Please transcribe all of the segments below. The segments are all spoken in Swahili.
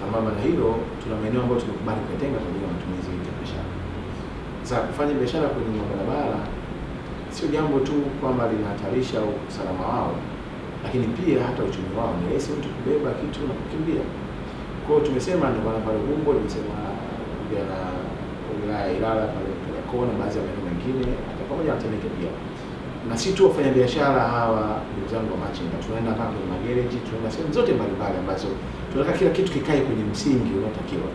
Sambamba na hilo, tuna maeneo ambayo tumekubali kuyatenga kwa ajili ya matumizi ya biashara. Sasa kufanya biashara kwenye mabarabara sio jambo tu kwamba linahatarisha usalama wao, lakini pia hata uchumi wao. Ni rahisi mtu kubeba kitu na kukimbia. Kwa hiyo tumesema ndio maana pale Ubungo, nimesema wilaya ya Ilala pale kona, baadhi ya maeneo mengine hata pamoja na Temeke pia na si tu wafanyabiashara hawa ndugu zangu wa machinga, tunaenda mpaka kwenye magereji, tunaenda sehemu zote mbalimbali ambazo tunataka kila kitu kikae kwenye msingi unaotakiwa.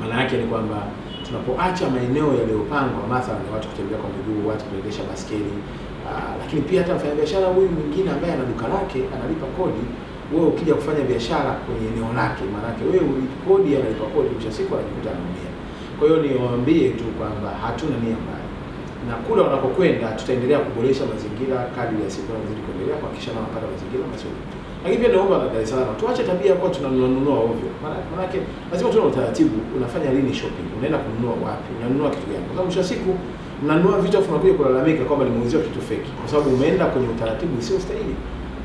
Maana yake ni kwamba tunapoacha maeneo yaliyopangwa, mathalan watu kutembea kwa miguu, watu kuendesha baskeli, ah, lakini pia hata mfanyabiashara huyu mwingine ambaye ana duka lake analipa kodi, wewe ukija kufanya biashara kwenye eneo lake, maanake wewe ulipa kodi, analipa kodi, mwisho siku anajikuta anaumia. Kwa hiyo niwaambie tu kwamba hatuna nia na kule wanapokwenda tutaendelea kuboresha mazingira kadri ya siku zinazozidi kuendelea kuhakikisha na wanapata mazingira mazuri. Lakini pia naomba na Dar es Salaam tuache tabia kwa tunanunua ovyo. Maana maanake lazima tuwe na utaratibu, unafanya lini shopping, unaenda kununua wapi, unanunua kitu gani? Kwa sababu mwisho siku mnanunua vitu afu unakuja kulalamika kwamba nimeuziwa kitu feki, kwa sababu umeenda kwenye utaratibu usio stahili.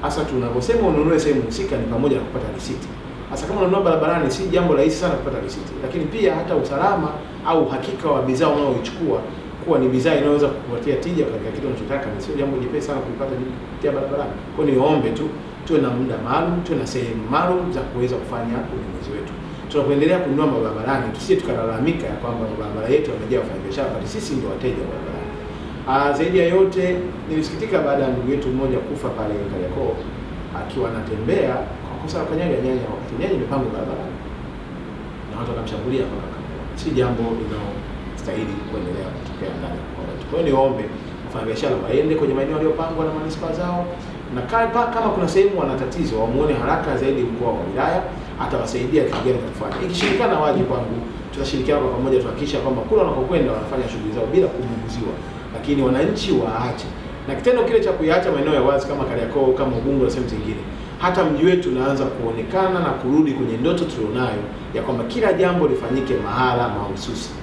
Hasa tunaposema ununue sehemu husika ni pamoja na kupata risiti. Sasa kama unanunua barabarani, si jambo rahisi sana kupata risiti, lakini pia hata usalama au uhakika wa bidhaa unayoichukua kuwa ni bidhaa inayoweza kukupatia tija katika kitu unachotaka, na sio jambo jepesi sana kulipata kupitia barabarani. Kwa hiyo niombe tu tuwe na muda maalum, tuwe na sehemu maalum za kuweza kufanya ununuzi wetu. Tunapoendelea kununua mabarabarani, tusije tukalalamika ya kwamba mabarabara yetu yamejaa wafanyabiashara, bali sisi ndio wateja wa barabarani. Ah, zaidi ya yote nilisikitika baada ya ndugu yetu mmoja kufa pale Kariakoo akiwa anatembea kwa kosa la kanyaga nyanya, wakati nyanya imepangwa barabarani na watu wanamshambulia mpaka, si jambo linao stahili kuendelea kutokea ndani ya mkoa wetu. Kwa hiyo niwaombe wafanyabiashara waende kwenye maeneo yaliyopangwa na manispaa zao, na kama kuna sehemu wana tatizo wamuone haraka zaidi mkuu wa wilaya atawasaidia kitu gani kufanya. Ikishirikiana waje kwangu, tutashirikiana kwa pamoja tuhakikisha kwamba kule wanakokwenda wanafanya shughuli zao bila kubuguziwa, lakini wananchi waache na kitendo kile cha kuyaacha maeneo ya wazi kama Kariakoo kama Ubungo na sehemu zingine, hata mji wetu unaanza kuonekana na kurudi kwenye ndoto tulionayo ya kwamba kila jambo lifanyike mahala mahususi.